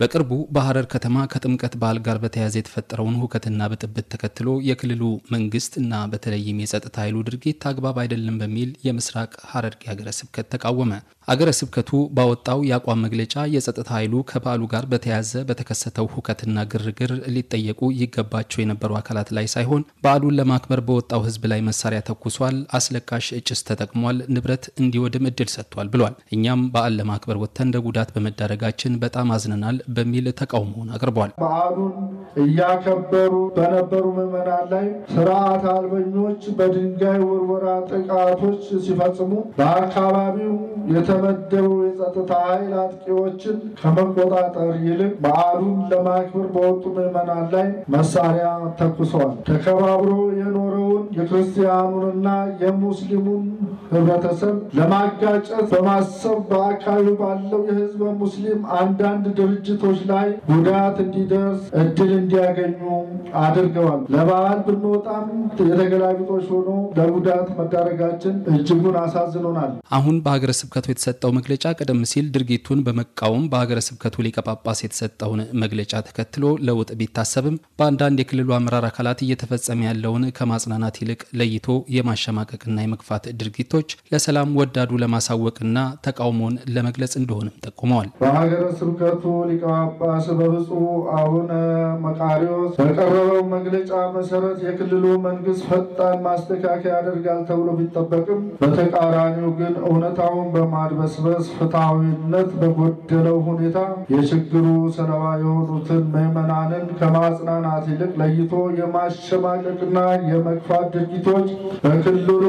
በቅርቡ በሐረር ከተማ ከጥምቀት በዓል ጋር በተያያዘ የተፈጠረውን ሁከትና ብጥብጥ ተከትሎ የክልሉ መንግስት እና በተለይም የጸጥታ ኃይሉ ድርጊት አግባብ አይደለም በሚል የምስራቅ ሐረርጌ ሀገረ ስብከት ተቃወመ። አገረ ስብከቱ ባወጣው የአቋም መግለጫ የጸጥታ ኃይሉ ከበዓሉ ጋር በተያያዘ በተከሰተው ሁከትና ግርግር ሊጠየቁ ይገባቸው የነበሩ አካላት ላይ ሳይሆን በዓሉን ለማክበር በወጣው ህዝብ ላይ መሳሪያ ተኩሷል፣ አስለቃሽ እጭስ ተጠቅሟል፣ ንብረት እንዲወድም እድል ሰጥቷል ብሏል። እኛም በዓል ለማክበር ወጥተን ለጉዳት በመዳረጋችን በጣም አዝነናል በሚል ተቃውሞውን አቅርቧል። በዓሉን እያከበሩ በነበሩ ምዕመናን ላይ ስርዓት አልበኞች በድንጋይ ውርወራ ጥቃቶች ሲፈጽሙ በአካባቢው የተመደቡ የጸጥታ ኃይል አጥቂዎችን ከመቆጣጠር ይልቅ በዓሉን ለማክበር በወጡ ምዕመናን ላይ መሳሪያ ተኩሰዋል። ተከባብሮ የኖረውን የክርስቲያኑንና የሙስሊሙን ህብረተሰብ ለማጋጨት በማሰብ በአካባቢ ባለው የህዝበ ሙስሊም አንዳንድ ድርጅቶች ላይ ጉዳት እንዲደርስ እድል እንዲያገኙ አድርገዋል። ለበዓል ብንወጣም የተገላቢጦች ሆኖ ለጉዳት መዳረጋችን እጅጉን አሳዝኖናል። አሁን በሀገረ ስብከቱ የተሰጠው መግለጫ ቀደም ሲል ድርጊቱን በመቃወም በሀገረ ስብከቱ ሊቀ ጳጳስ የተሰጠውን መግለጫ ተከትሎ ለውጥ ቢታሰብም በአንዳንድ የክልሉ አመራር አካላት እየተፈጸመ ያለውን ከማጽናናት ይልቅ ይልቅ ለይቶ የማሸማቀቅና የመግፋት ድርጊቶች ለሰላም ወዳዱ ለማሳወቅና ተቃውሞን ለመግለጽ እንደሆንም ጠቁመዋል። በሀገረ ስብከቱ ሊቀ ጳጳስ በብፁዕ አቡነ መቃሪዎስ በቀረበው መግለጫ መሰረት የክልሉ መንግስት ፈጣን ማስተካከያ ያደርጋል ተብሎ ቢጠበቅም በተቃራኒው ግን እውነታውን በማድበስበስ ፍትሐዊነት በጎደለው ሁኔታ የችግሩ ሰለባ የሆኑትን ምዕመናንን ከማጽናናት ይልቅ ለይቶ የማሸማቀቅና የመግፋት ድርጊቶች በክልሉ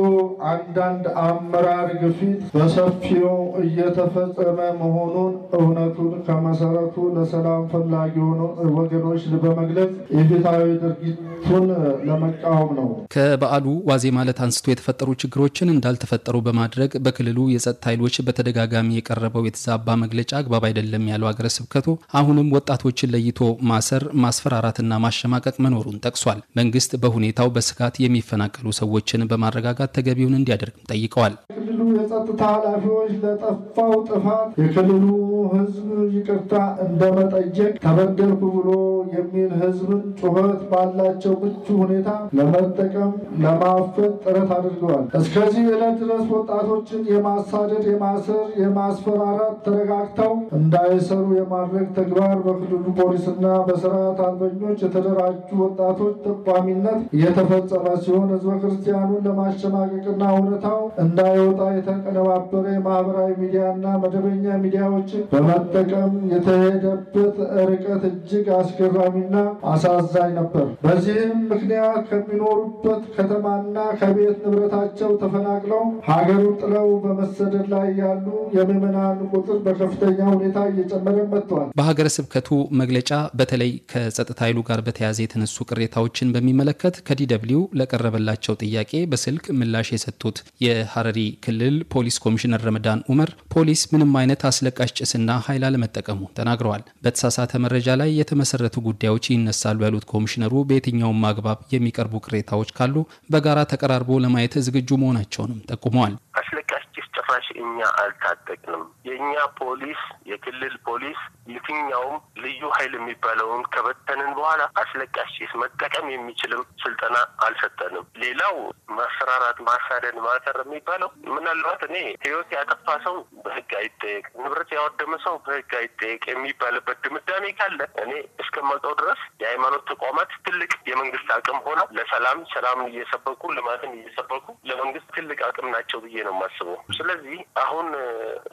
አንዳንድ አመራር ግፊት በሰፊው እየተፈጸመ መሆኑን እውነቱን ከመሰረቱ ለሰላም ፈላጊ የሆኑ ወገኖች በመግለጽ የፊታዊ ድርጊቱን ለመቃወም ነው። ከበዓሉ ዋዜ ማለት አንስቶ የተፈጠሩ ችግሮችን እንዳልተፈጠሩ በማድረግ በክልሉ የጸጥታ ኃይሎች በተደጋጋሚ የቀረበው የተዛባ መግለጫ አግባብ አይደለም ያለው አገረ ስብከቱ አሁንም ወጣቶችን ለይቶ ማሰር፣ ማስፈራራትና ማሸማቀቅ መኖሩን ጠቅሷል። መንግስት በሁኔታው በስጋት የሚፈ የተፈናቀሉ ሰዎችን በማረጋጋት ተገቢውን እንዲያደርግም ጠይቀዋል። የክልሉ የጸጥታ ኃላፊዎች ለጠፋው ጥፋት የክልሉ ሕዝብ ይቅርታ እንደመጠየቅ ተበደልኩ ብሎ የሚል ሕዝብን ጩኸት ባላቸው ምቹ ሁኔታ ለመጠቀም ለማፈት ጥረት አድርገዋል። እስከዚህ ዕለት ድረስ ወጣቶችን የማሳደድ፣ የማሰር፣ የማስፈራራት ተረጋግተው እንዳይሰሩ የማድረግ ተግባር በክልሉ ፖሊስና በስርዓት አልበኞች የተደራጁ ወጣቶች ጠቋሚነት እየተፈጸመ ሲሆን ህዝበ ክርስቲያኑን ለማሸማቀቅና እውነታው እንዳይወጣ የተቀነባበረ የማህበራዊ ሚዲያና መደበኛ ሚዲያዎችን በመጠቀም የተሄደበት ርቀት እጅግ አስገራሚና አሳዛኝ ነበር። በዚህም ምክንያት ከሚኖሩበት ከተማና ከቤት ንብረታቸው ተፈናቅለው ሀገሩን ጥለው በመሰደድ ላይ ያሉ የምዕመናን ቁጥር በከፍተኛ ሁኔታ ሁኔታ እየጨመረ መጥተዋል። በሀገረ ስብከቱ መግለጫ በተለይ ከጸጥታ ኃይሉ ጋር በተያያዘ የተነሱ ቅሬታዎችን በሚመለከት ከዲደብሊው ለቀረበላቸው ጥያቄ በስልክ ምላሽ የሰጡት የሀረሪ ክልል ፖሊስ ኮሚሽነር ረመዳን ኡመር ፖሊስ ምንም አይነት አስለቃሽ ጭስና ኃይል አለመጠቀሙ ተናግረዋል። በተሳሳተ መረጃ ላይ የተመሰረቱ ጉዳዮች ይነሳሉ ያሉት ኮሚሽነሩ በየትኛውም አግባብ የሚቀርቡ ቅሬታዎች ካሉ በጋራ ተቀራርቦ ለማየት ዝግጁ መሆናቸውንም ጠቁመዋል። አስለቃሽ ጭስ ጭራሽ እኛ አልታጠቅንም የእኛ ፖሊስ የክልል ፖሊስ የትኛውም ልዩ ኃይል የሚባለውን ከበተንን በኋላ አስለቃሽ ጭስ መጠቀም የሚችልም ስልጠና አልሰጠንም። ሌላው ማስፈራራት፣ ማሳደን ማሰር የሚባለው ምናልባት እኔ ህይወት ያጠፋ ሰው በህግ አይጠየቅ፣ ንብረት ያወደመ ሰው በህግ አይጠየቅ የሚባልበት ድምዳሜ ካለ እኔ እስከማውቀው ድረስ የሃይማኖት ተቋማት ትልቅ የመንግስት አቅም ሆነው ለሰላም ሰላም እየሰበኩ ልማትን እየሰበኩ ለመንግስት ትልቅ አቅም ናቸው ብዬ ነው የማስበው። ስለዚህ አሁን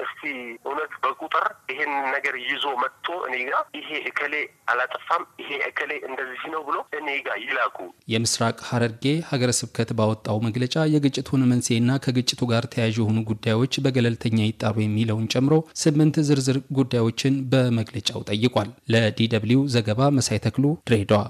እስቲ እውነት በቁጥር ይሄን ነገር ይዞ መጥቶ እኔ ጋ ይሄ እከሌ አላጠፋም ይሄ እከሌ እንደዚህ ነው ብሎ እኔ ጋ ይላኩ። የምስራቅ ሀረርጌ ሀገረ ስብከት ባወጣው መግለጫ የግጭቱን መንስኤና ከግጭቱ ጋር ተያያዥ የሆኑ ጉዳዮች በገለልተኛ ይጣሩ የሚለውን ጨምሮ ስምንት ዝርዝር ጉዳዮችን በመግለጫው ጠይቋል። ለዲ ደብልዩ ዘገባ መሳይ ተክሉ ድሬዳዋ